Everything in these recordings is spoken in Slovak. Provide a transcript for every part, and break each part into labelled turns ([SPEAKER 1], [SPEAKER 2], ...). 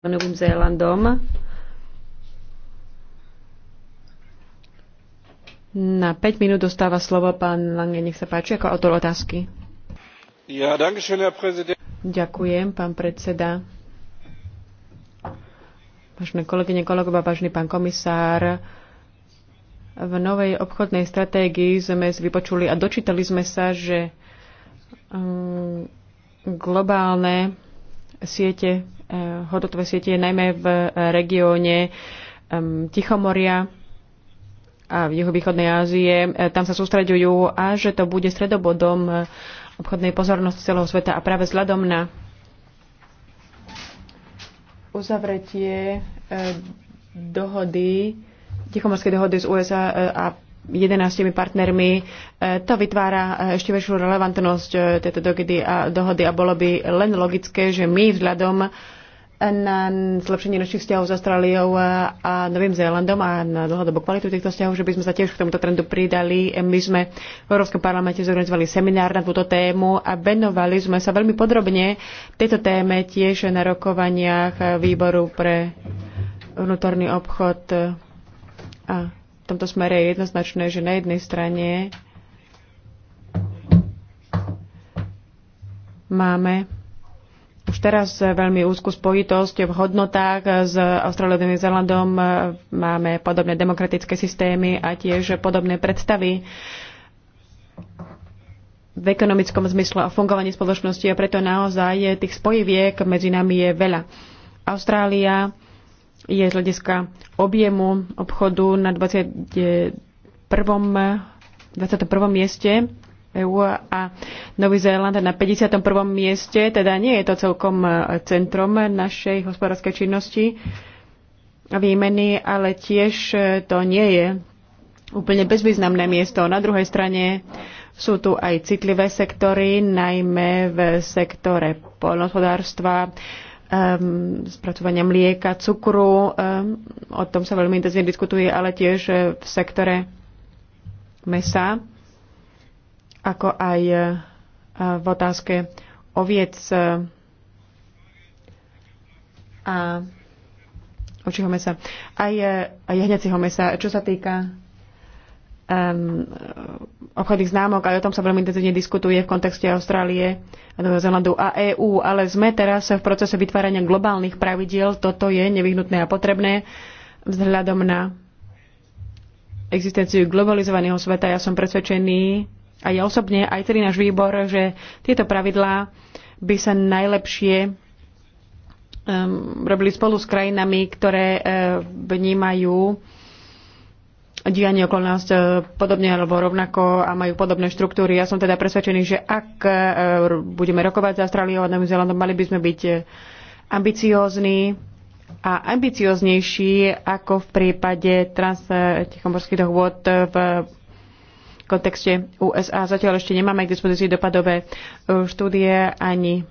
[SPEAKER 1] Novým Zélandom Na 5 minút dostáva slovo pán Lange, nech sa páči, ako autor otázky.
[SPEAKER 2] Ja, dankeschön, Herr Präsident.
[SPEAKER 1] Ďakujem, pán predseda. Vážne kolegyne, kolegova, vážny pán komisár, v novej obchodnej stratégii sme si vypočuli a dočítali sme sa, že mm, globálne siete Eh, hodnotové siete, najmä v eh, regióne Tichomoria a v juhovýchodnej Ázie. Eh, tam sa sústreďujú a že to bude stredobodom obchodnej pozornosti celého sveta a práve vzhľadom na uzavretie dohody, Tichomorskej dohody z USA a 11 partnermi. To vytvára ešte väčšiu relevantnosť tejto dohody a, dohody a bolo by len logické, že my vzhľadom na zlepšenie našich vzťahov s Austráliou a Novým Zélandom a na dlhodobú kvalitu týchto vzťahov, že by sme sa tiež k tomuto trendu pridali. My sme v Európskom parlamente zorganizovali seminár na túto tému a venovali sme sa veľmi podrobne tejto téme tiež na rokovaniach výboru pre vnútorný obchod. A v tomto smere je jednoznačné, že na jednej strane máme už teraz veľmi úzku spojitosť v hodnotách s Austrálou a Zelandom. Máme podobné demokratické systémy a tiež podobné predstavy v ekonomickom zmysle a fungovaní spoločnosti a preto naozaj tých spojiviek medzi nami je veľa. Austrália je z hľadiska objemu obchodu na 21. 21. mieste EÚ a Nový Zéland na 51. mieste, teda nie je to celkom e, centrom našej hospodárskej činnosti a výmeny, ale tiež e, to nie je úplne bezvýznamné miesto. Na druhej strane sú tu aj citlivé sektory, najmä v sektore poľnohospodárstva, um, spracovania mlieka, cukru, um, o tom sa veľmi intenzívne diskutuje, ale tiež e, v sektore mesa ako aj e, v otázke oviec e, a očího mesa, aj, e, aj jahňacieho mesa. Čo sa týka um, obchodných známok, aj o tom sa veľmi intenzívne diskutuje v kontexte Austrálie, Nového Zelandu a EÚ, ale sme teraz v procese vytvárania globálnych pravidiel. Toto je nevyhnutné a potrebné vzhľadom na existenciu globalizovaného sveta. Ja som presvedčený, a ja osobne, aj celý náš výbor, že tieto pravidlá by sa najlepšie um, robili spolu s krajinami, ktoré uh, vnímajú dianie okolo nás uh, podobne alebo rovnako a majú podobné štruktúry. Ja som teda presvedčený, že ak uh, budeme rokovať s Austráliou a Novým Zelandom, mali by sme byť uh, ambiciózni a ambicioznejší ako v prípade transtichomorských dohôd v kontexte USA. Zatiaľ ešte nemáme k dispozícii dopadové e, štúdie ani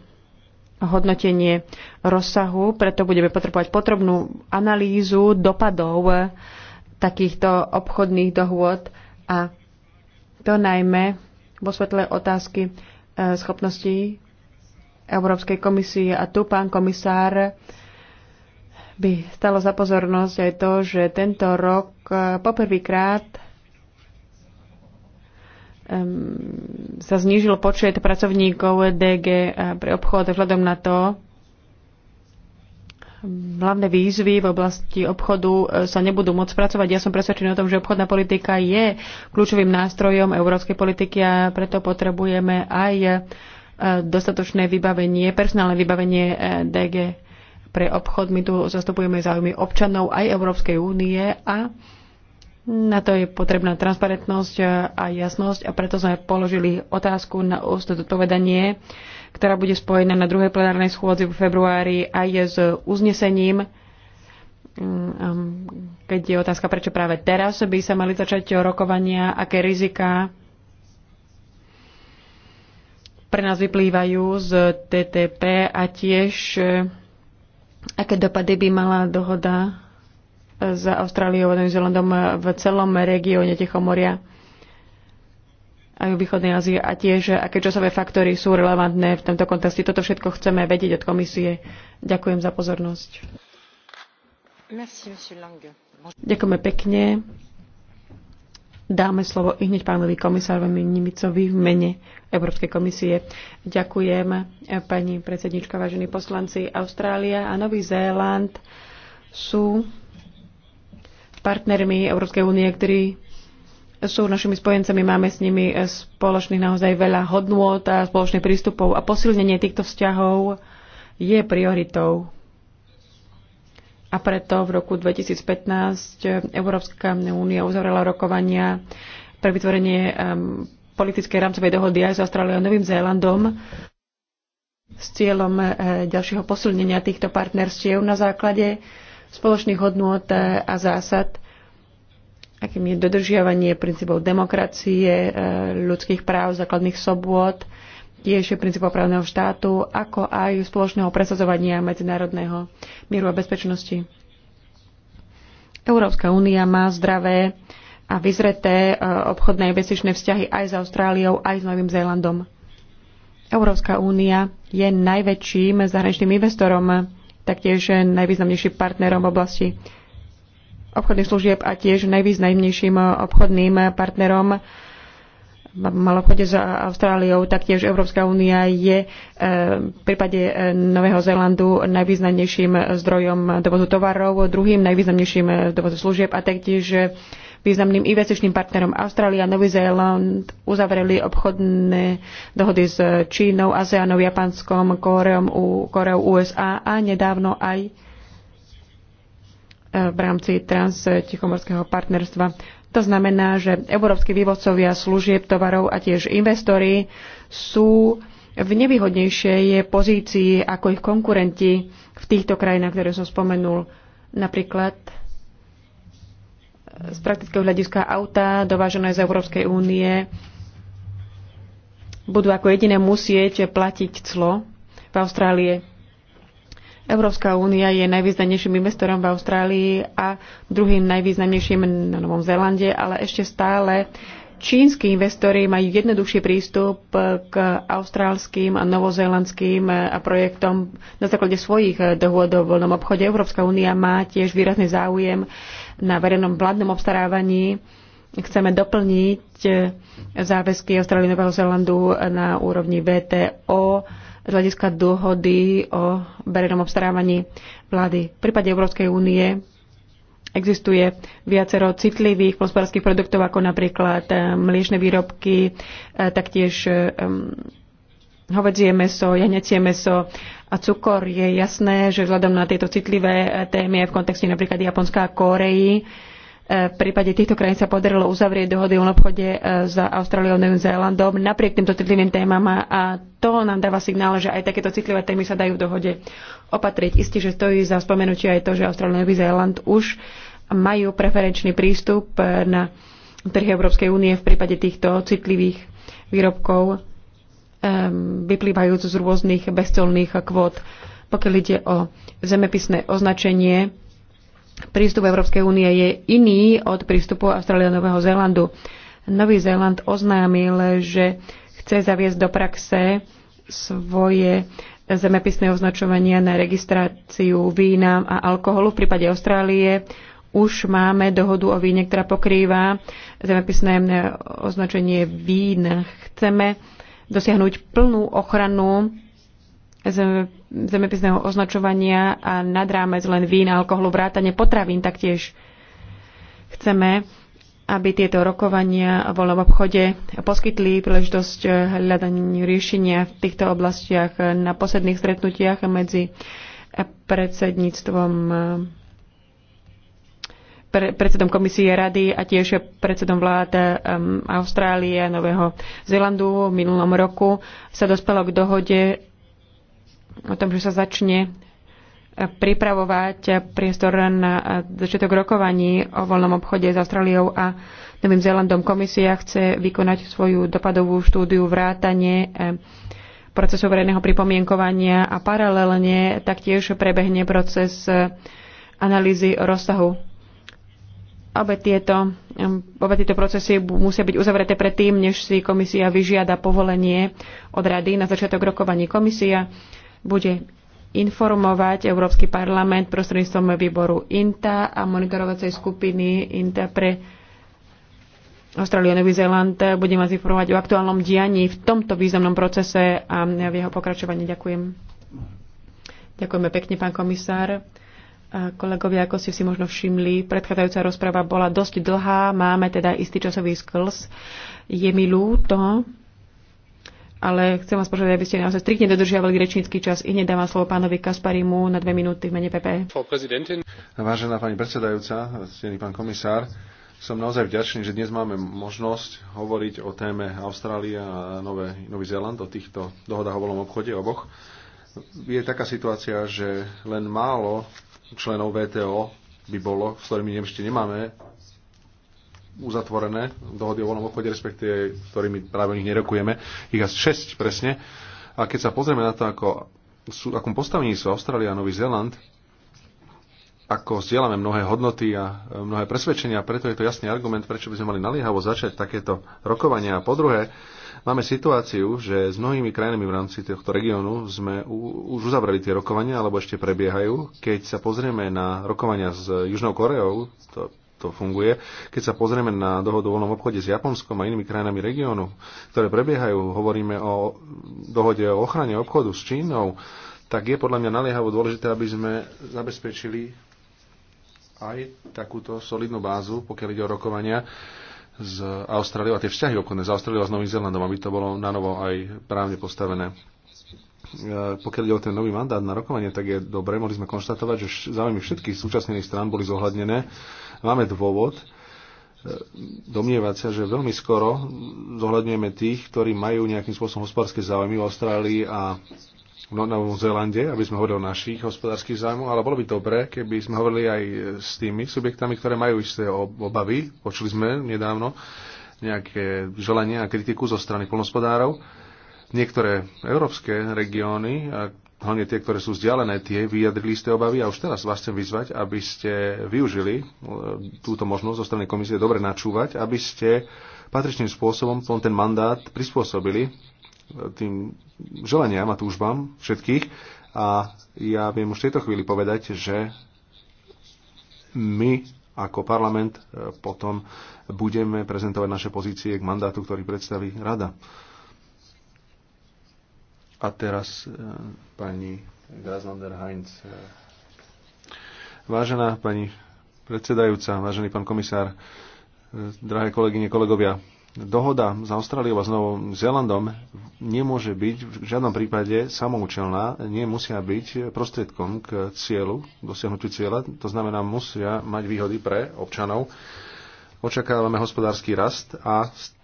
[SPEAKER 1] hodnotenie rozsahu, preto budeme potrebovať potrebnú analýzu dopadov e, takýchto obchodných dohôd a to najmä vo svetle otázky e, schopností Európskej komisie. A tu, pán komisár, by stalo za pozornosť aj to, že tento rok poprvýkrát sa znížil počet pracovníkov DG eh, pre obchod vzhľadom na to, hlavné výzvy v oblasti obchodu eh, sa nebudú môcť pracovať. Ja som presvedčený o tom, že obchodná politika je kľúčovým nástrojom európskej politiky a preto potrebujeme aj eh, dostatočné vybavenie, personálne vybavenie DG pre obchod. My tu zastupujeme záujmy občanov aj Európskej únie a na to je potrebná transparentnosť a jasnosť a preto sme položili otázku na ústne zodpovedanie, ktorá bude spojená na druhej plenárnej schôdzi v februári aj s uznesením, mm, um, keď je otázka, prečo práve teraz by sa mali začať rokovania, aké rizika pre nás vyplývajú z TTP a tiež aké dopady by mala dohoda za Austráliou a Novým Zelandom v celom regióne Tichomoria aj v východnej Ázii a tiež, aké časové faktory sú relevantné v tomto kontexte. Toto všetko chceme vedieť od komisie. Ďakujem za pozornosť. Merci, Ďakujeme pekne. Dáme slovo i hneď pánovi komisárovi Nimicovi v mene Európskej komisie. Ďakujem, pani predsednička, vážení poslanci. Austrália a Nový Zéland sú partnermi Európskej únie, ktorí sú našimi spojencami, máme s nimi spoločných naozaj veľa hodnôt a spoločných prístupov a posilnenie týchto vzťahov je prioritou. A preto v roku 2015 Európska únia uzavrela rokovania pre vytvorenie um, politickej rámcovej dohody aj s Austráliou a Novým Zélandom s cieľom eh, ďalšieho posilnenia týchto partnerstiev na základe spoločných hodnôt a zásad, akým je dodržiavanie princípov demokracie, eh, ľudských práv, základných sobôd, tiež princípov právneho štátu, ako aj spoločného presadzovania medzinárodného mieru a bezpečnosti. Európska únia má zdravé a vyzreté eh, obchodné investičné vzťahy aj s Austráliou, aj s Novým Zélandom. Európska únia je najväčším zahraničným investorom taktiež najvýznamnejším partnerom v oblasti obchodných služieb a tiež najvýznamnejším obchodným partnerom v obchode s Austráliou. Taktiež Európska únia je e, v prípade e, Nového Zélandu najvýznamnejším zdrojom dovozu tovarov, druhým najvýznamnejším dovozu služieb a taktiež významným investičným partnerom. Austrália a Nový Zéland uzavreli obchodné dohody s Čínou, ASEANom, Japonskom, Koreou, USA a nedávno aj e, v rámci transtichomorského partnerstva. To znamená, že európsky vývozcovia služieb, tovarov a tiež investori sú v nevýhodnejšej pozícii ako ich konkurenti v týchto krajinách, ktoré som spomenul. Napríklad z praktického hľadiska auta dovážené z Európskej únie budú ako jediné musieť platiť clo v Austrálie. Európska únia je najvýznamnejším investorom v Austrálii a druhým najvýznamnejším na Novom Zélande, ale ešte stále čínsky investori majú jednoduchší prístup k austrálským a novozélandským e, projektom na základe svojich e, dohôd o voľnom obchode. Európska únia má tiež výrazný záujem na verejnom vládnom obstarávaní. Chceme doplniť e, záväzky Austrálie Nového Zélandu na úrovni VTO z hľadiska dohody o verejnom obstarávaní vlády. V prípade Európskej únie Existuje viacero citlivých hospodárskych produktov, ako napríklad eh, mliečne výrobky, eh, taktiež eh, hovedzie meso, jahňacie meso a cukor. Je jasné, že vzhľadom na tieto citlivé témy v kontexte napríklad Japonska a Kóreji v prípade týchto krajín sa podarilo uzavrieť dohody o obchode e, s Austráliou a Novým Zélandom napriek týmto citlivým témam a to nám dáva signál, že aj takéto citlivé témy sa dajú v dohode opatriť. Isté, že stojí za spomenutie aj to, že Austrália a Nový Zéland už majú preferenčný prístup e, na trhy Európskej únie v prípade týchto citlivých výrobkov e, vyplývajúc z rôznych bezcolných kvót. Pokiaľ ide o zemepisné označenie, prístup Európskej únie je iný od prístupu Austrálie a Nového Zélandu. Nový Zéland oznámil, že chce zaviesť do praxe svoje zemepisné označovania na registráciu vína a alkoholu. V prípade Austrálie už máme dohodu o víne, ktorá pokrýva zemepisné označenie vín. Chceme dosiahnuť plnú ochranu zemepisného označovania a nad rámec len vín, alkoholu, vrátane potravín taktiež. Chceme, aby tieto rokovania o voľnom obchode poskytli príležitosť hľadaniu riešenia v týchto oblastiach na posledných stretnutiach medzi predsedníctvom predsedom komisie rady a tiež predsedom vlád um, Austrálie a Nového Zélandu v minulom roku sa dospelo k dohode o tom, že sa začne e, pripravovať priestor na e, začiatok rokovaní o voľnom obchode s Austráliou a Novým Zélandom. Komisia chce vykonať svoju dopadovú štúdiu vrátane e, procesu verejného pripomienkovania a paralelne taktiež prebehne proces analýzy rozsahu. Obe tieto, obe tieto procesy musia byť uzavreté predtým, než si komisia vyžiada povolenie od rady na začiatok rokovaní. Komisia bude informovať Európsky parlament prostredníctvom výboru INTA a monitorovacej skupiny INTA pre Austráliu a Nový Zéland. Budem vás informovať o aktuálnom dianí v tomto významnom procese a v jeho pokračovaní. Ďakujem. Ďakujeme pekne, pán komisár. Kolegovia, ako ste si možno všimli, predchádzajúca rozprava bola dosť dlhá, máme teda istý časový sklz. Je mi ľúto, ale chcem vás požiadať, aby ste naozaj striktne dodržiavali rečnícky čas. I nedávam slovo pánovi Kasparimu na dve minúty v mene PP.
[SPEAKER 3] Vážená pani predsedajúca, stený pán komisár, som naozaj vďačný, že dnes máme možnosť hovoriť o téme Austrália a Nové, Nový Zéland, o týchto dohodách o voľnom obchode oboch. Je taká situácia, že len málo členov VTO by bolo, s ktorými ešte nemáme uzatvorené dohody o voľnom obchode, respektíve ktorými práve o nich nerokujeme. Ich asi 6 presne. A keď sa pozrieme na to, ako, sú, akom postavení sú Austrália a Nový Zéland, ako zdieľame mnohé hodnoty a e, mnohé presvedčenia, preto je to jasný argument, prečo by sme mali naliehavo začať takéto rokovania. A po druhé, máme situáciu, že s mnohými krajinami v rámci tohto regiónu sme už uzavreli tie rokovania, alebo ešte prebiehajú. Keď sa pozrieme na rokovania s Južnou Koreou, to to funguje. Keď sa pozrieme na dohodu o voľnom obchode s Japonskom a inými krajinami regiónu, ktoré prebiehajú, hovoríme o dohode o ochrane obchodu s Čínou, tak je podľa mňa naliehavo dôležité, aby sme zabezpečili aj takúto solidnú bázu, pokiaľ ide o rokovania z Austráliou a tie vzťahy obchodné z Austráliou a s Novým Zelandom, aby to bolo na novo aj právne postavené. E, pokiaľ ide o ten nový mandát na rokovanie, tak je dobré. Mohli sme konštatovať, že záujmy všetkých súčasných strán boli zohľadnené. Máme dôvod e, domnievať sa, že veľmi skoro zohľadňujeme tých, ktorí majú nejakým spôsobom hospodárske záujmy v Austrálii a v Novom Zélande, aby sme hovorili o našich hospodárskych zájmoch, ale bolo by dobré, keby sme hovorili aj s tými subjektami, ktoré majú isté obavy. Počuli sme nedávno nejaké želania a kritiku zo strany polnospodárov Niektoré európske regióny, hlavne tie, ktoré sú vzdialené, tie vyjadrili ste obavy a už teraz vás chcem vyzvať, aby ste využili e, túto možnosť zo strany komisie dobre načúvať, aby ste patričným spôsobom ten mandát prispôsobili e, tým želaniam a túžbám všetkých. A ja viem už v tejto chvíli povedať, že my ako parlament e, potom budeme prezentovať naše pozície k mandátu, ktorý predstaví Rada. A teraz e, pani Graslander Heinz. Vážená pani predsedajúca, vážený pán komisár, e, drahé kolegyne, kolegovia, dohoda s Austráliou a s Novým Zélandom nemôže byť v žiadnom prípade samoučelná, nemusia byť prostriedkom k cieľu, k dosiahnutiu cieľa, to znamená musia mať výhody pre občanov. Očakávame hospodársky rast a s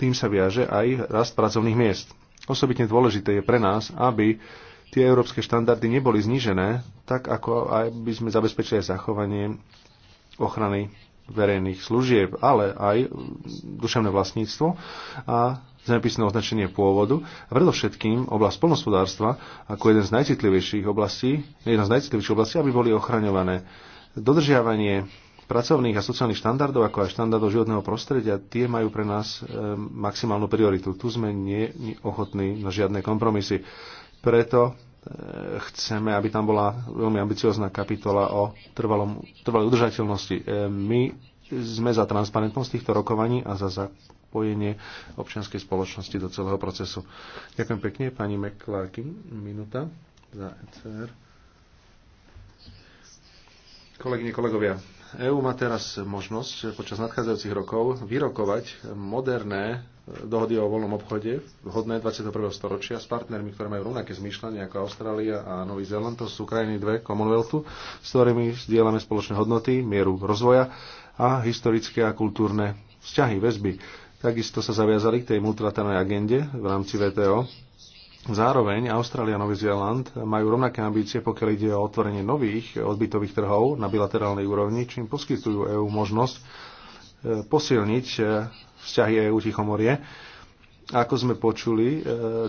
[SPEAKER 3] tým sa viaže aj rast pracovných miest. Osobitne dôležité je pre nás, aby tie európske štandardy neboli znížené, tak ako aj by sme zabezpečili aj zachovanie ochrany verejných služieb, ale aj duševné vlastníctvo a zemepisné označenie pôvodu a predovšetkým oblasť polnospodárstva ako jeden z najcitlivejších oblastí, jedna z najcitlivejších oblastí, aby boli ochraňované. Dodržiavanie pracovných a sociálnych štandardov, ako aj štandardov životného prostredia, tie majú pre nás e, maximálnu prioritu. Tu sme neochotní na žiadne kompromisy. Preto e, chceme, aby tam bola veľmi ambiciozná kapitola o trvalom, trvalej udržateľnosti. E, my sme za transparentnosť týchto rokovaní a za zapojenie občianskej spoločnosti do celého procesu. Ďakujem pekne, pani McClarkin. Minúta za ECR. Kolegyne, kolegovia, EÚ má teraz možnosť počas nadchádzajúcich rokov vyrokovať moderné e, dohody o voľnom obchode vhodné 21. storočia s partnermi, ktoré majú rovnaké zmýšľanie ako Austrália a Nový Zéland. To sú krajiny dve Commonwealthu, s ktorými zdieľame spoločné hodnoty, mieru rozvoja a historické a kultúrne vzťahy, väzby. Takisto sa zaviazali k tej multilaternej agende v rámci VTO Zároveň Austrália a Nový Zéland majú rovnaké ambície, pokiaľ ide o otvorenie nových odbytových trhov na bilaterálnej úrovni, čím poskytujú EÚ možnosť posilniť vzťahy EÚ Tichomorie. Ako sme počuli,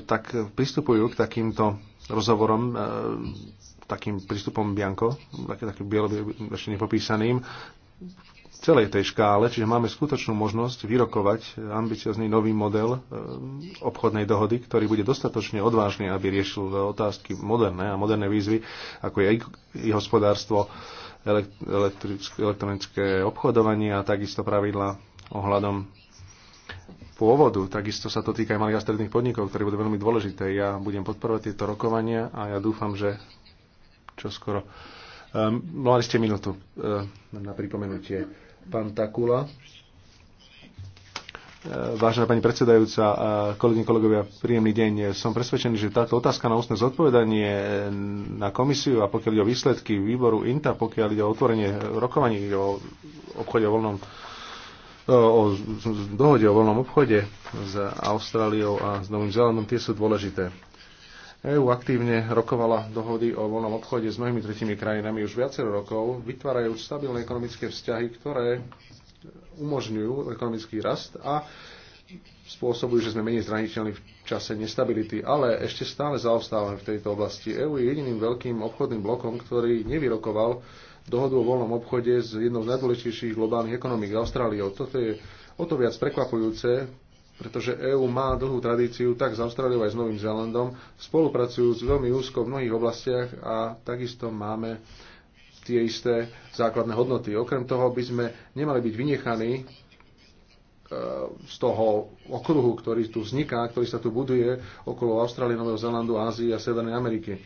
[SPEAKER 3] tak pristupujú k takýmto rozhovorom takým prístupom Bianco, takým bielo, ešte nepopísaným, celej tej škále, čiže máme skutočnú možnosť vyrokovať ambiciozný nový model e, obchodnej dohody, ktorý bude dostatočne odvážny, aby riešil otázky moderné a moderné výzvy, ako je i hospodárstvo, elektronické obchodovanie a takisto pravidla ohľadom pôvodu. Takisto sa to týka aj malých a stredných podnikov, ktoré budú veľmi dôležité. Ja budem podporovať tieto rokovania a ja dúfam, že čo skoro. Um, ehm, mali ste minútu um, na pripomenutie. Pán Takula. E, vážená pani predsedajúca, kolegyne, kolegovia, príjemný deň. Som presvedčený, že táto otázka na ústne zodpovedanie na komisiu a pokiaľ ide o výsledky výboru INTA, pokiaľ ide o otvorenie rokovaní o obchode o voľnom o dohode o voľnom obchode s Austráliou a s Novým Zelandom, tie sú dôležité. EÚ aktívne rokovala dohody o voľnom obchode s mnohými tretími krajinami už viacero rokov, vytvárajúc stabilné ekonomické vzťahy, ktoré umožňujú ekonomický rast a spôsobujú, že sme menej zraniteľní v čase nestability, ale ešte stále zaostávame v tejto oblasti. EÚ je jediným veľkým obchodným blokom, ktorý nevyrokoval dohodu o voľnom obchode s jednou z najdôležitejších globálnych ekonomík Austráliou. Toto je o to viac prekvapujúce pretože EÚ má dlhú tradíciu tak s Austráliou aj s Novým Zélandom, s veľmi úzko v mnohých oblastiach a takisto máme tie isté základné hodnoty. Okrem toho by sme nemali byť vynechaní e, z toho okruhu, ktorý tu vzniká, ktorý sa tu buduje okolo Austrálie, Nového Zélandu, Ázie a Severnej Ameriky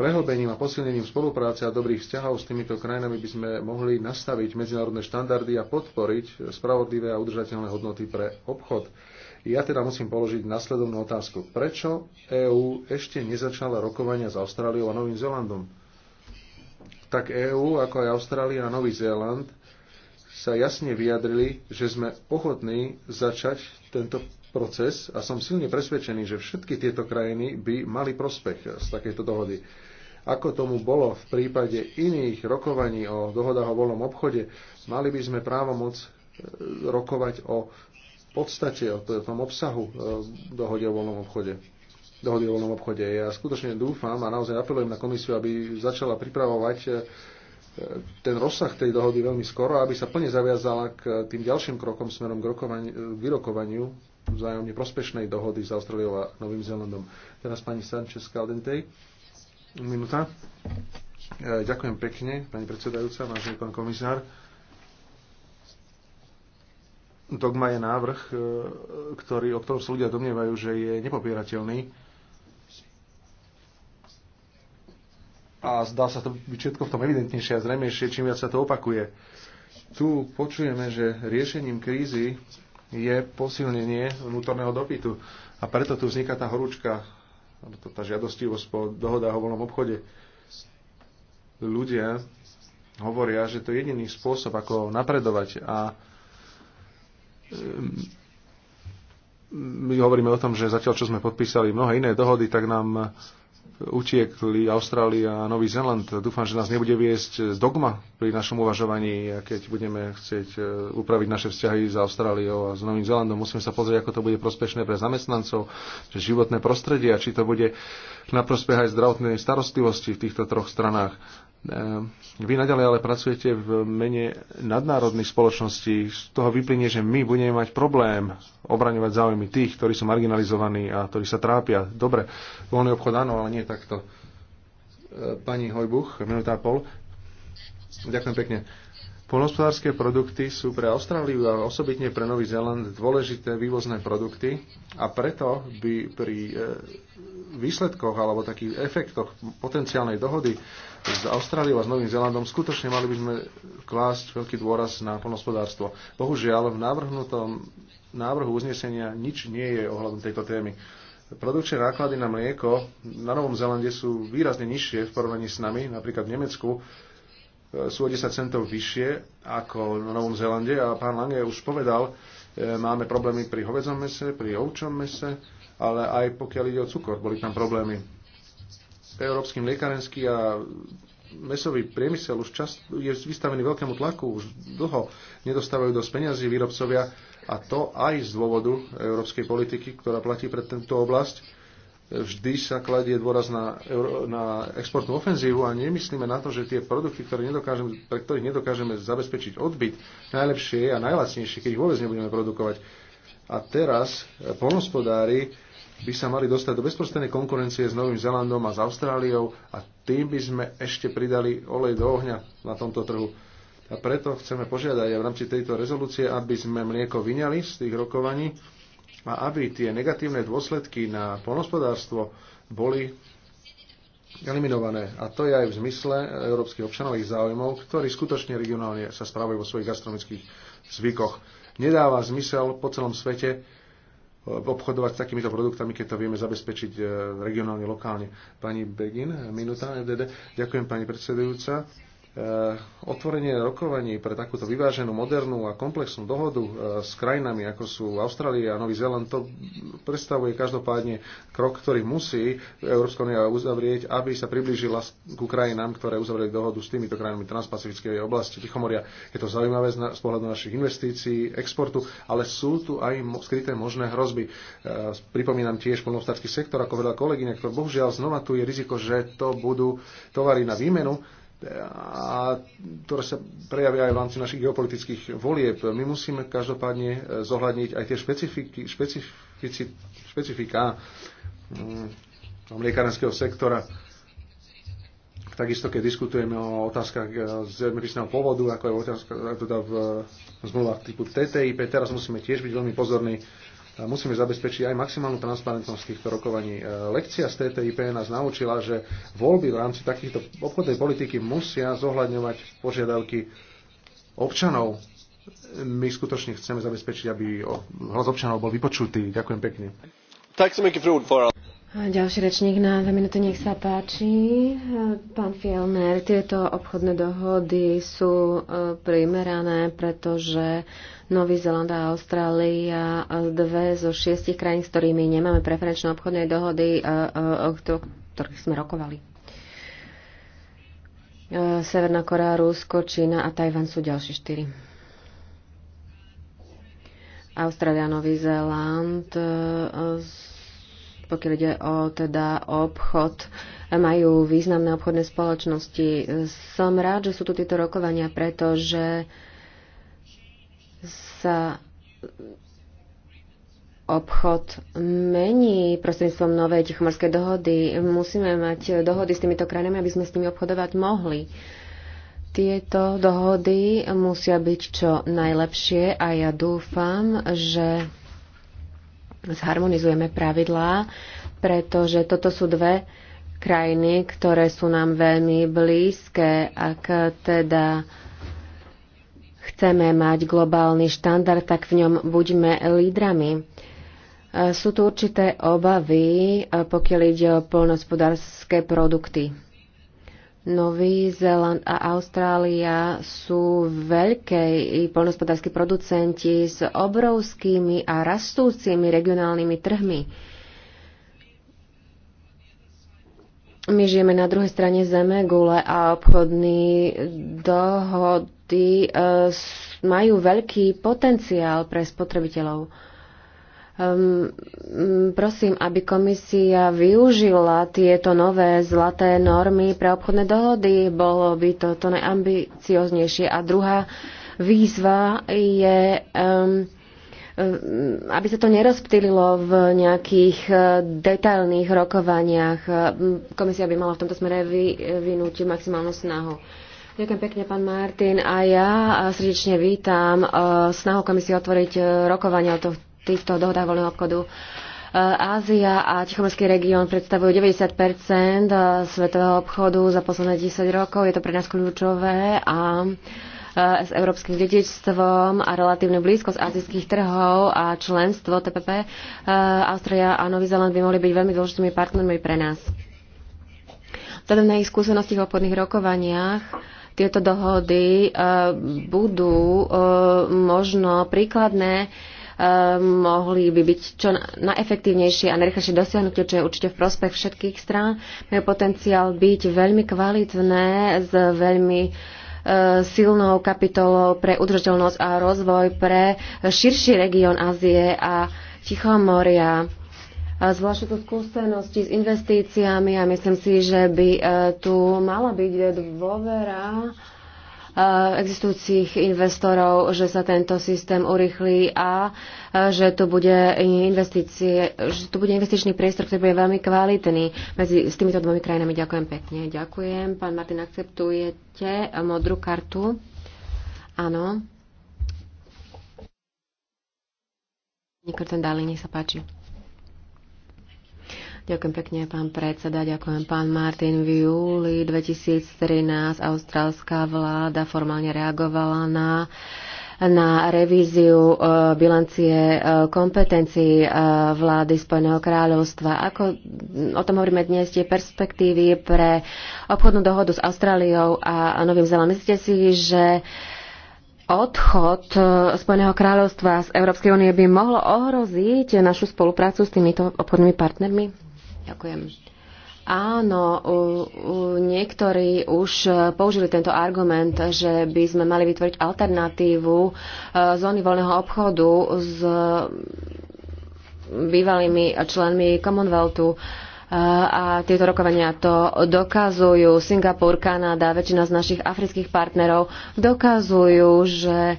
[SPEAKER 3] Prehlbením a posilnením spolupráce a dobrých vzťahov s týmito krajinami by sme mohli nastaviť medzinárodné štandardy a podporiť spravodlivé a udržateľné hodnoty pre obchod. Ja teda musím položiť nasledovnú otázku. Prečo EÚ ešte nezačala rokovania s Austráliou a Novým Zélandom? Tak EÚ, ako aj Austrália a Nový Zéland, sa jasne vyjadrili, že sme ochotní začať tento proces a som silne presvedčený, že všetky tieto krajiny by mali prospech z takejto dohody ako tomu bolo v prípade iných rokovaní o dohodách o voľnom obchode, mali by sme moc e, rokovať o podstate, o tom obsahu e, dohody o voľnom obchode dohody o voľnom obchode. Ja skutočne dúfam a naozaj apelujem na komisiu, aby začala pripravovať e, ten rozsah tej dohody veľmi skoro, aby sa plne zaviazala k tým ďalším krokom smerom k, rokovaniu, k vyrokovaniu vzájomne prospešnej dohody s Austráliou a Novým Zelandom. Teraz pani Sanchez Caldentej. Minúta. E, ďakujem pekne, pani predsedajúca, vážený pán komisár. Dogma je návrh, e, ktorý, o ktorom sa ľudia domnievajú, že je nepopierateľný. A zdá sa to byť všetko v tom evidentnejšie a zrejmejšie, čím viac sa to opakuje. Tu počujeme, že riešením krízy je posilnenie vnútorného dopytu. A preto tu vzniká tá horúčka tá žiadostivosť po dohodách o voľnom obchode. Ľudia hovoria, že to je jediný spôsob, ako napredovať a ehm, my hovoríme o tom, že zatiaľ, čo sme podpísali mnohé iné dohody, tak nám utiekli Austrália a Nový Zeland. Dúfam, že nás nebude viesť z dogma pri našom uvažovaní, keď budeme chcieť e, upraviť naše vzťahy s Austráliou a s Novým Zelandom. Musíme sa pozrieť, ako to bude prospešné pre zamestnancov, že životné prostredie a či to bude na prospech aj zdravotnej starostlivosti v týchto troch stranách Ehm, vy naďalej ale pracujete v mene nadnárodných spoločností. Z toho vyplynie, že my budeme mať problém obraňovať záujmy tých, ktorí sú marginalizovaní a ktorí sa trápia. Dobre, voľný obchod áno, ale nie takto. Ehm, pani Hojbuch, minúta a pol. Ďakujem pekne. Polnospodárske produkty sú pre Austráliu a osobitne pre Nový Zeland dôležité vývozné produkty a preto by pri e, výsledkoch alebo takých efektoch potenciálnej dohody s Austráliou a s Novým Zelandom skutočne mali by sme klásť veľký dôraz na polnospodárstvo. Bohužiaľ, v návrhnutom návrhu uznesenia nič nie je ohľadom tejto témy. Produkčné náklady na mlieko na Novom Zelande sú výrazne nižšie v porovnaní s nami, napríklad v Nemecku E, sú o 10 centov vyššie ako na Novom Zélande a pán Lange už povedal, e, máme problémy pri hovedzom mese, pri ovčom mese, ale aj pokiaľ ide o cukor, boli tam problémy. Európsky mliekarenský a mesový priemysel už čas je vystavený veľkému tlaku, už dlho nedostávajú dosť peňazí výrobcovia a to aj z dôvodu európskej politiky, ktorá platí pre tento oblasť vždy sa kladie dôraz na, na exportnú ofenzívu a nemyslíme na to, že tie produkty, ktoré nedokážeme, pre ktorých nedokážeme zabezpečiť odbyt, najlepšie a najlacnejšie, keď ich vôbec nebudeme produkovať. A teraz eh, polnospodári by sa mali dostať do bezprostrednej konkurencie s Novým Zelandom a s Austráliou a tým by sme ešte pridali olej do ohňa na tomto trhu. A preto chceme požiadať aj v rámci tejto rezolúcie, aby sme mlieko vyňali z tých rokovaní a aby tie negatívne dôsledky na polnospodárstvo boli eliminované. A to je aj v zmysle európskych občanových záujmov, ktorí skutočne regionálne sa správajú vo svojich gastronomických zvykoch. Nedáva zmysel po celom svete e, obchodovať s takýmito produktami, keď to vieme zabezpečiť e, regionálne, lokálne. Pani Begin, minúta FDD. Ďakujem, pani predsedujúca. Eh, otvorenie rokovaní pre takúto vyváženú, modernú a komplexnú dohodu eh, s krajinami, ako sú Austrália a Nový Zéland, to predstavuje každopádne krok, ktorý musí Európska unia uzavrieť, aby sa priblížila ku krajinám, ktoré uzavreli dohodu s týmito krajinami transpacifickej oblasti Tichomoria. Je to zaujímavé z pohľadu našich investícií, exportu, ale sú tu aj skryté možné hrozby. Eh, pripomínam tiež plnovstársky sektor, ako vedela kolegyňa, ktorý bohužiaľ znova tu je riziko, že to budú tovary na výmenu, a ktoré sa prejavia aj v rámci našich geopolitických volieb. My musíme každopádne e, zohľadniť aj tie špecifiky, špecifici, špecifika mm, mliekárenského sektora. Takisto, keď diskutujeme o otázkach e, zemepisného pôvodu, ako je otázka e, teda v zmluvách typu TTIP, teraz musíme tiež byť veľmi pozorní musíme zabezpečiť aj maximálnu transparentnosť týchto rokovaní. E, lekcia z TTIP nás naučila, že voľby v rámci takýchto obchodnej politiky musia zohľadňovať požiadavky občanov. My skutočne chceme zabezpečiť, aby hlas občanov bol vypočutý. Ďakujem pekne. Ďalší
[SPEAKER 4] rečník na dve minúty, nech sa páči. Pán Fielner, tieto obchodné dohody sú e, primerané, pretože Nový Zeland a Austrália, e, dve zo šiestich krajín, s ktorými nemáme preferenčné obchodné dohody, e, o ktorých sme rokovali. Severná Korea, Rusko, Čína a Tajvan sú ďalšie štyri. Austrália, Nový Zeland pokiaľ ide o teda obchod, majú významné obchodné spoločnosti. Som rád, že sú tu tieto rokovania, pretože sa obchod mení prostredníctvom novej tichomorskej dohody. Musíme mať dohody s týmito krajinami, aby sme s nimi obchodovať mohli. Tieto dohody musia byť čo najlepšie a ja dúfam, že zharmonizujeme pravidlá, pretože toto sú dve krajiny, ktoré sú nám veľmi blízke. Ak teda chceme mať globálny štandard, tak v ňom buďme lídrami. Sú tu určité obavy, pokiaľ ide o polnospodárske produkty. Nový Zéland a Austrália sú veľké poľnohospodárskí producenti s obrovskými a rastúcimi regionálnymi trhmi. My žijeme na druhej strane zeme, gule a obchodní dohody e, majú veľký potenciál pre spotrebiteľov. Ehm, prosím, aby komisia využila tieto nové zlaté normy pre obchodné dohody. Bolo by to to najambicioznejšie. A druhá výzva je, um, aby sa to nerozptýlilo v nejakých e, detailných rokovaniach. E, komisia by mala v tomto smere vyvinúť maximálnu snahu. Ďakujem pekne, pán Martin. A ja srdečne vítam e, snahu komisie otvoriť rokovania o tohto týchto dohodách voľného obchodu. E, Ázia a Tichomorský región predstavujú 90 e, svetového obchodu za posledné 10 rokov. Je to pre nás kľúčové a e, s európskym dedičstvom a relatívne blízkosť azijských trhov a členstvo TPP, Austria a Nový Zeland by mohli byť veľmi dôležitými partnermi pre nás. Vzhľadom na ich skúsenosti v obchodných rokovaniach tieto dohody budú možno príkladné Ehm, mohli by byť čo najefektívnejšie a najrychlejšie dosiahnutie, čo je určite v prospech všetkých strán. Majú potenciál byť veľmi kvalitné s veľmi e, silnou kapitolou pre udržateľnosť a rozvoj pre širší región Ázie a Tichomoria. Zvláštne tú skúsenosti s investíciami a myslím si, že by e, tu mala byť dôvera Eh, existujúcich investorov, že sa tento systém urychlí a eh, že tu bude, investície, že tu bude investičný priestor, ktorý bude veľmi kvalitný medzi s týmito dvomi krajinami. Ďakujem pekne. Ďakujem. Pán Martin, akceptujete modrú kartu? Áno. ten Dali, nech sa páči. Ďakujem pekne, pán predseda, ďakujem, pán Martin. V júli 2013 austrálska vláda formálne reagovala na na revíziu e, bilancie e, kompetencií e, vlády Spojeného kráľovstva. Ako o tom hovoríme dnes, tie perspektívy pre obchodnú dohodu s Austráliou a Novým Zelandom. Myslíte si, že odchod Spojeného kráľovstva z Európskej únie by mohlo ohroziť našu spoluprácu s týmito obchodnými partnermi? Ďakujem. Áno, u, u, niektorí už e, použili tento argument, že by sme mali vytvoriť alternatívu e, zóny voľného obchodu s bývalými členmi Commonwealthu. E, a tieto rokovania to dokazujú. Singapur, Kanada, väčšina z našich afrických partnerov dokazujú, že e,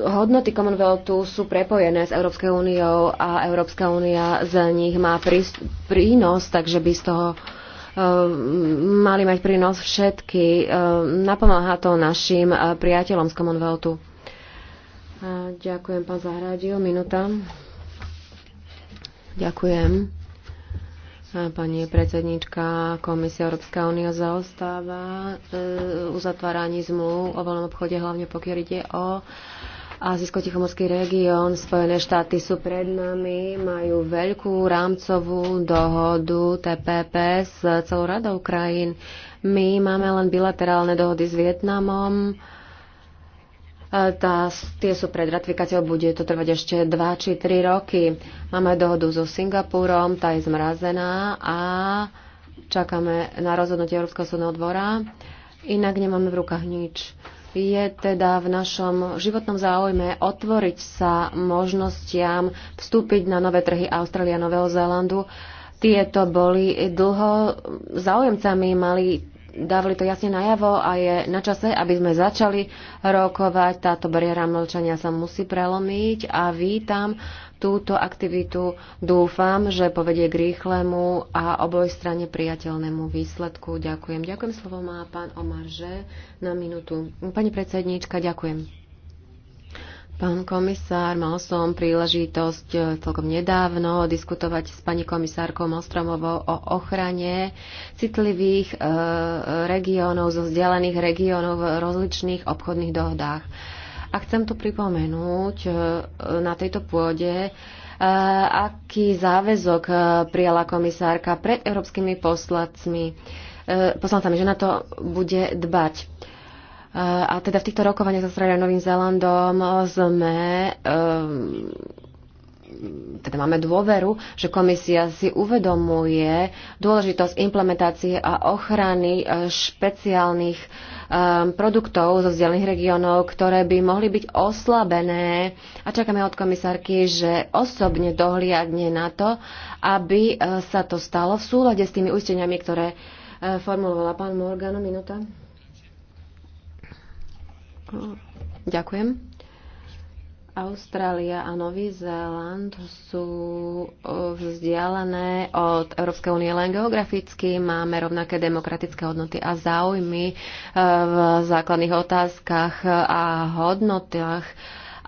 [SPEAKER 4] hodnoty Commonwealthu sú prepojené s Európskej úniou a Európska únia z nich má prínos, takže by z toho e, mali mať prínos všetky. E, napomáha to našim e, priateľom z Commonwealthu. Ďakujem, pán Zahradil. Minúta. Ďakujem. Pani predsednička, Komisia Európska únia zaostáva uzatváraní zmluv o voľnom obchode, hlavne pokiaľ ide o Azijsko-Tichomorský región, Spojené štáty sú pred nami, majú veľkú rámcovú dohodu TPP s celou radou krajín. My máme len bilaterálne dohody s Vietnamom, e, tá, tie sú pred ratifikáciou, bude to trvať ešte 2 či 3 roky. Máme dohodu so Singapurom, tá je zmrazená a čakáme na rozhodnutie Európskeho súdneho dvora. Inak nemáme v rukách nič je teda v našom životnom záujme otvoriť sa možnostiam vstúpiť na nové trhy Austrália a Nového Zélandu. Tieto boli dlho záujemcami, mali, dávali to jasne najavo a je na čase, aby sme začali rokovať. Táto bariéra mlčania sa musí prelomiť a vítam Túto aktivitu dúfam, že povedie k rýchlemu a strane priateľnému výsledku. Ďakujem. Ďakujem slovo má pán Omarže na minútu. Pani predsedníčka, ďakujem. Pán komisár, mal som príležitosť eh, celkom nedávno diskutovať s pani komisárkou Mostromovou o ochrane citlivých e, eh, regiónov zo vzdialených regiónov v rozličných obchodných dohodách. E, a chcem tu pripomenúť e, na tejto pôde, e, aký záväzok e, prijala komisárka pred európskymi poslancmi, poslancami, že na to bude dbať. A teda v týchto rokovaniach Australia Novým Zélandom sme teda máme dôveru, že komisia si uvedomuje dôležitosť implementácie a ochrany e, špeciálnych e, produktov zo vzdialených regiónov, ktoré by mohli byť oslabené. A čakáme od komisárky, že osobne dohliadne na to, aby e, sa to stalo v súlade s tými ústeniami, ktoré formulovala pán Morgano. Minúta. Ďakujem. Austrália a Nový Zéland sú e, vzdialené od Európskej únie len geograficky, máme rovnaké demokratické hodnoty a záujmy e, v základných otázkach a hodnotách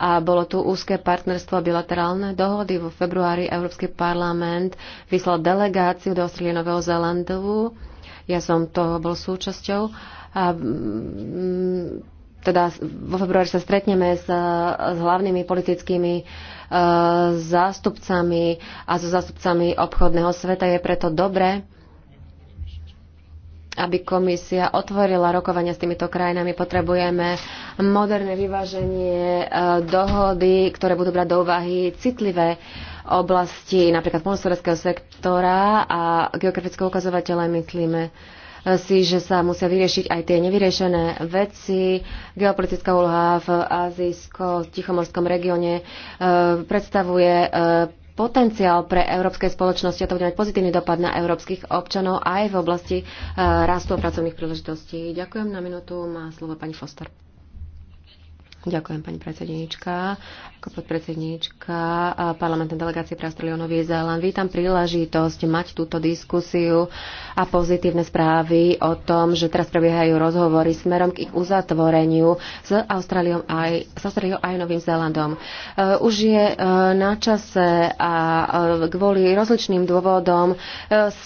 [SPEAKER 4] a bolo tu úzke partnerstvo a bilaterálne dohody. Vo februári Európsky parlament vyslal delegáciu do Austrálie Nového Zélandu. Ja som toho bol súčasťou. A teda vo februári sa stretneme s, s hlavnými politickými uh, zástupcami a so zástupcami obchodného sveta. Je preto dobré, aby komisia otvorila rokovania s týmito krajinami. Potrebujeme moderné vyváženie e, dohody, ktoré budú brať do úvahy citlivé oblasti, napríklad polnospodárskeho sektora a geografického ukazovateľa, myslíme si, že sa musia vyriešiť aj tie nevyriešené veci. Geopolitická úloha v azijsko-tichomorskom regióne e, predstavuje e, potenciál pre európske spoločnosti a to bude mať pozitívny dopad na európskych občanov aj v oblasti e, rastu a pracovných príležitostí. Ďakujem. Na minútu má slovo pani Foster. Ďakujem, pani predsedníčka. Ako podpredsedníčka parlamentnej delegácie pre Austráliu Nový Zéland vítam príležitosť mať túto diskusiu a pozitívne správy o tom, že teraz prebiehajú rozhovory smerom k ich uzatvoreniu s Austráliou aj, s Austráliou aj Novým Zélandom. E, už je e, na čase a e, kvôli rozličným dôvodom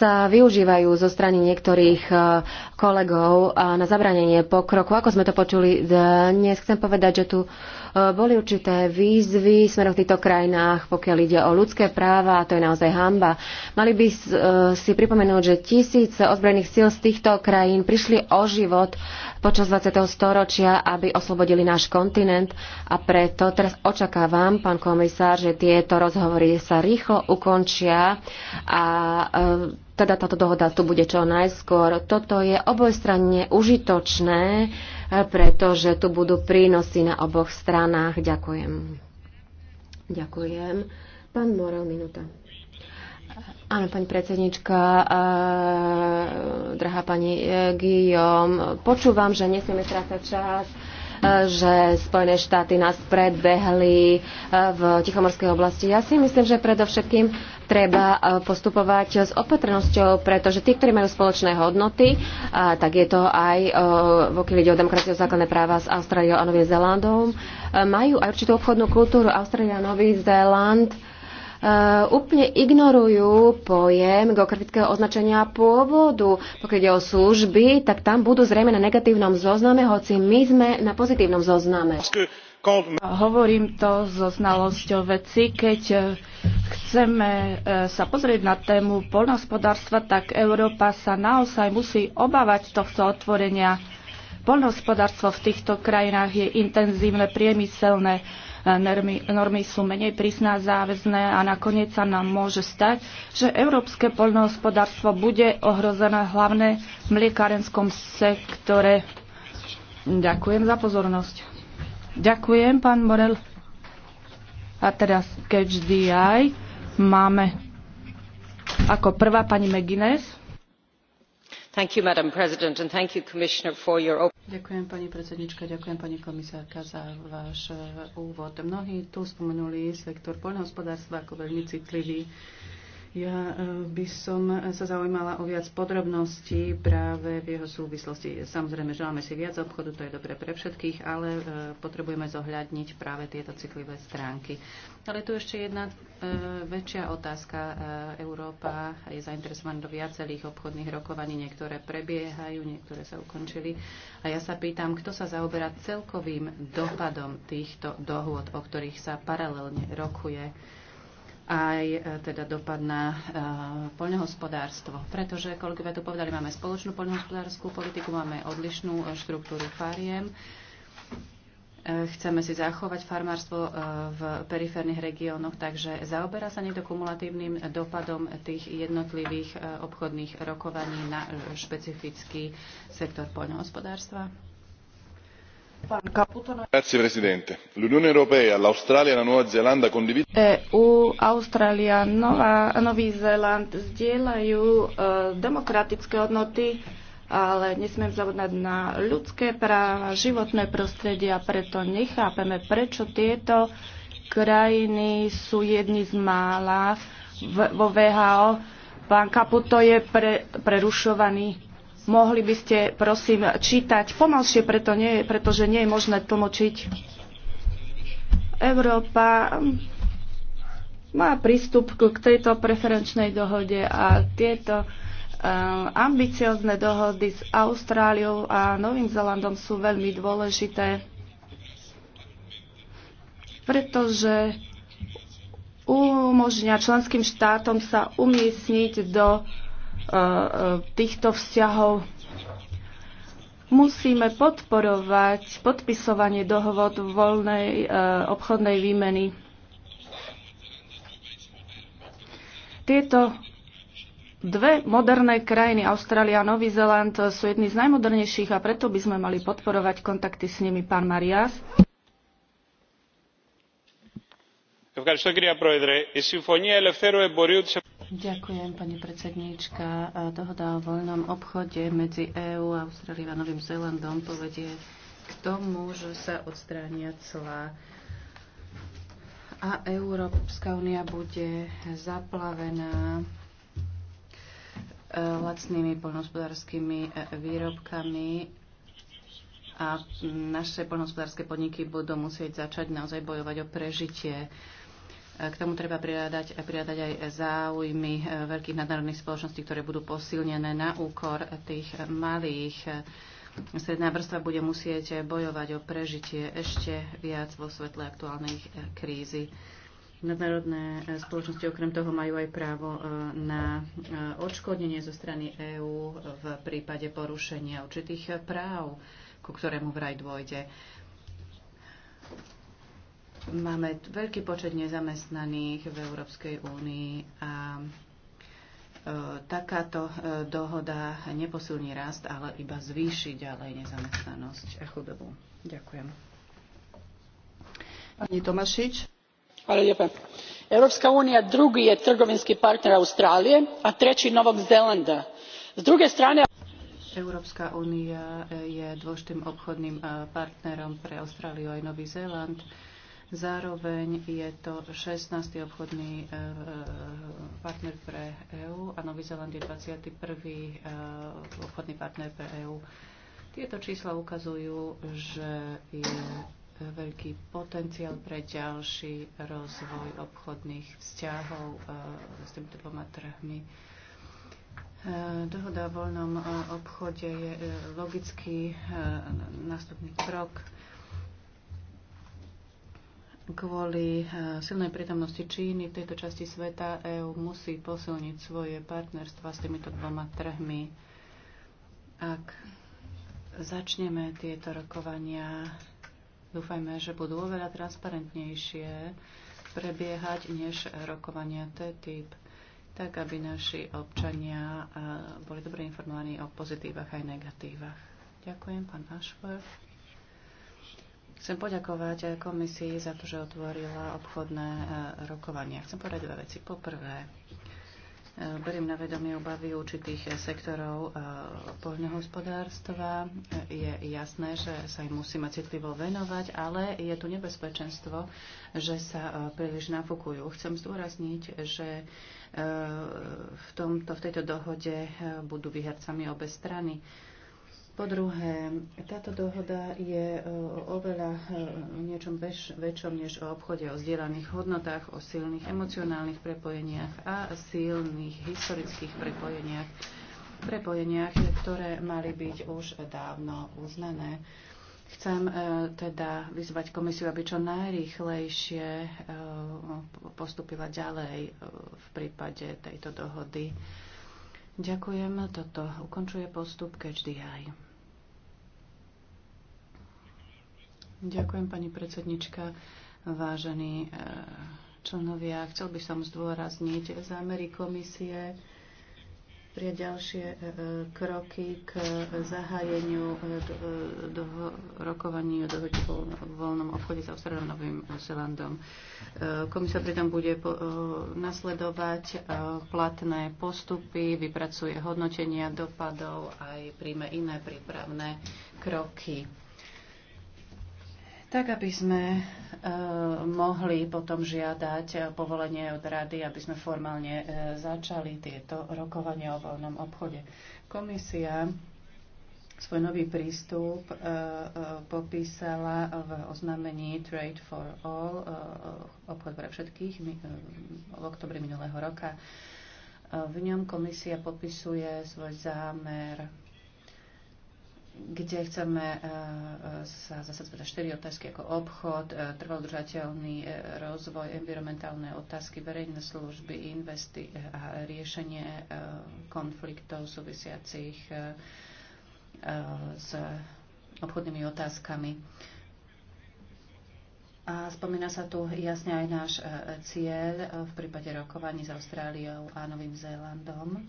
[SPEAKER 4] sa využívajú zo strany niektorých kolegov na zabranenie pokroku. Ako sme to počuli dnes, chcem povedať, že tu e, boli určité výzvy smerom v týchto krajinách, pokiaľ ide o ľudské práva, a to je naozaj hamba. Mali by e, si pripomenúť, že tisíce ozbrojených síl z týchto krajín prišli o život počas 20. storočia, aby oslobodili náš kontinent a preto teraz očakávam, pán komisár, že tieto rozhovory sa rýchlo ukončia a e, teda táto dohoda tu bude čo najskôr. Toto je obojstranne užitočné, eh, pretože tu budú prínosy na oboch stranách. Ďakujem. Ďakujem. Pán Morel, minúta. Áno, pani predsednička, eh, drahá pani eh, Guillaume, počúvam, že nesmieme strácať čas. Eh, že Spojené štáty nás predbehli e, v Tichomorskej oblasti. Ja si myslím, že predovšetkým treba e, postupovať s opatrnosťou, pretože tí, ktorí majú spoločné hodnoty, e, tak je to aj, pokiaľ ide o demokraciu základné práva s Austráliou a Novým Zélandom, majú aj určitú obchodnú kultúru. Austrália a Nový Zéland Eh, úplne ignorujú pojem geografického označenia pôvodu. Pokiaľ ide o služby, tak tam budú zrejme na negatívnom zozname, hoci my sme na pozitívnom zozname. Hovorím to so znalosťou veci. Keď eh, chceme eh, sa pozrieť na tému poľnohospodárstva,
[SPEAKER 5] tak Európa sa naozaj musí obávať tohto otvorenia. Poľnohospodárstvo v týchto krajinách je intenzívne, priemyselné normy, normy sú menej prísne a záväzné a nakoniec sa nám môže stať, že európske poľnohospodárstvo bude ohrozené hlavne v mliekárenskom sektore. Ďakujem za pozornosť. Ďakujem, pán Morel. A teraz catch aj Máme ako prvá pani McGuinness. Ďakujem
[SPEAKER 2] pani predsedníčke ďakujem pani komisárka za váš eh, úvod. Mnohí tu spomenuli sektor poľnohospodárstva ako veľmi citlivý ja e, by som sa zaujímala o viac podrobností práve v jeho súvislosti. Samozrejme, želáme si viac obchodu, to je dobre pre všetkých, ale e, potrebujeme zohľadniť práve tieto citlivé stránky. Ale tu ešte jedna e, väčšia otázka. Európa je zainteresovaná do viacerých obchodných rokovaní, niektoré prebiehajú, niektoré sa ukončili. A ja sa pýtam, kto sa zaoberá celkovým dopadom týchto dohôd, o ktorých sa paralelne rokuje aj e, teda dopad na e, poľnohospodárstvo. Pretože, by tu povedali, máme spoločnú poľnohospodárskú politiku, máme odlišnú e, štruktúru fariem chceme si zachovať farmárstvo v periférnych regiónoch, takže zaoberá sa niekto kumulatívnym dopadom tých jednotlivých obchodných rokovaní na špecifický sektor poľnohospodárstva?
[SPEAKER 3] signor presidente l'unione europea l'australia e la nuova zelanda condividono.
[SPEAKER 5] E austrália nová, nový zéland e, demokratické hodnoty ale nesmieme zabúdať na ľudské práva životné prostredie a preto nechápeme prečo tieto krajiny sú jedni z mála vo VHO. Pán Kaputo je pre, prerušovaný. Mohli by ste, prosím, čítať pomalšie, preto nie, pretože nie je možné tlmočiť. Európa má prístup k tejto preferenčnej dohode a tieto eh, ambiciozne dohody s Austráliou a Novým Zelandom sú veľmi dôležité, pretože umožňa členským štátom sa umiestniť do Eh, týchto vzťahov. Musíme podporovať podpisovanie dohovod voľnej eh, obchodnej výmeny. Tieto Dve moderné krajiny, Austrália a Nový Zeland, sú jedny z najmodernejších a preto by sme mali podporovať kontakty s nimi, pán Marias.
[SPEAKER 2] Ευχαριστώ κυρία Πρόεδρε. Η Συμφωνία Ελευθέρου Εμπορίου της
[SPEAKER 5] Ďakujem, pani predsedníčka.
[SPEAKER 2] Dohoda o voľnom obchode medzi EÚ a Austráliou a Novým Zélandom povedie k tomu, že sa odstránia clá a Európska únia bude zaplavená e, lacnými poľnohospodárskymi e, výrobkami a naše poľnohospodárske podniky budú musieť začať naozaj bojovať o prežitie. K tomu treba priradať, priradať aj záujmy eh, veľkých nadnárodných spoločností, ktoré budú posilnené na úkor tých malých. Stredná vrstva bude musieť bojovať o prežitie ešte viac vo svetle aktuálnej eh, krízy. Nadnárodné eh, spoločnosti okrem toho majú aj právo na odškodnenie zo strany EÚ v prípade porušenia určitých práv, ku ktorému vraj dôjde Máme veľký počet nezamestnaných v Európskej únii a e, takáto e, dohoda neposilní rast, ale iba zvýši ďalej nezamestnanosť a chudobu. Ďakujem.
[SPEAKER 5] Pani Tomašič. Hvala lijepa. Európska únia drugi je trgovinski partner Austrálie a treći Novog Zelanda. S druge strane...
[SPEAKER 2] Európska únia je dôležitým obchodným e, partnerom pre Austráliu aj Nový Zéland Zároveň je to 16. obchodný e, e, partner pre EÚ a Nový Zeland je 21. E, obchodný partner pre EÚ. Tieto čísla ukazujú, že je veľký potenciál pre ďalší rozvoj obchodných vzťahov s týmito dvoma trhmi. Dohoda o voľnom obchode je logický nástupný krok Kvôli e, silnej prítomnosti Číny v tejto časti sveta EÚ musí posilniť svoje partnerstva s týmito dvoma trhmi. Ak začneme tieto rokovania, dúfajme, že budú oveľa transparentnejšie prebiehať než rokovania TTIP, tak aby naši občania e, boli dobre informovaní o pozitívach aj negatívach. Ďakujem, pán Ashworth. Chcem poďakovať eh, komisii za to, že otvorila obchodné eh, rokovania. Chcem povedať dve veci. Poprvé, eh, beriem na vedomie obavy určitých sektorov poľnohospodárstva. Je jasné, že sa im musíme citlivo venovať, ale je tu nebezpečenstvo, že sa príliš nafúkujú. Chcem zdôrazniť, že v, tomto, v tejto dohode budú vyhercami obe strany po druhé, táto dohoda je e, oveľa e, niečom väč- väčšom než o obchode, o zdieľaných hodnotách, o silných emocionálnych prepojeniach a silných historických prepojeniach, prepojeniach, ktoré mali byť už dávno uznané. Chcem e, teda vyzvať komisiu, aby čo najrýchlejšie postupila ďalej v prípade tejto dohody. Ďakujem, toto ukončuje postup Eye. Ďakujem, pani predsednička, vážení eh, členovia. Chcel by som zdôrazniť zámery komisie pre ďalšie eh, kroky k zahájeniu eh, do, rokovaní o dohode o voľnom obchode s Austrálom a Novým Zelandom. Komisia pritom bude nasledovať platné postupy, vypracuje hodnotenia dopadov a aj príjme iné prípravné kroky tak aby sme e, mohli potom žiadať e, povolenie od rady, aby sme formálne e, začali tieto rokovania o voľnom obchode. Komisia svoj nový prístup popísala v oznámení Trade for All, obchod pre všetkých, v oktobri minulého roka. V ňom komisia popisuje svoj zámer kde chceme eh, eh, sa zase zvedať štyri otázky ako obchod, eh, trvalodržateľný rozvoj, environmentálne otázky, verejné služby, investy a riešenie konfliktov súvisiacich s obchodnými otázkami. A spomína sa tu jasne aj náš cieľ v prípade rokovaní s Austráliou a Novým Zélandom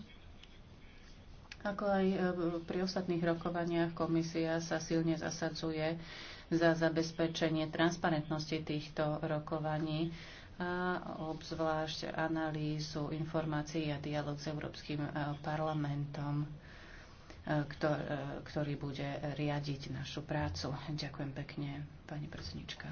[SPEAKER 2] ako aj e, pri ostatných rokovaniach komisia sa silne zasadzuje za zabezpečenie transparentnosti týchto rokovaní a obzvlášť analýzu informácií a dialog s Európskym e, parlamentom, e, ktorý bude riadiť našu prácu. Ďakujem pekne, pani predsednička.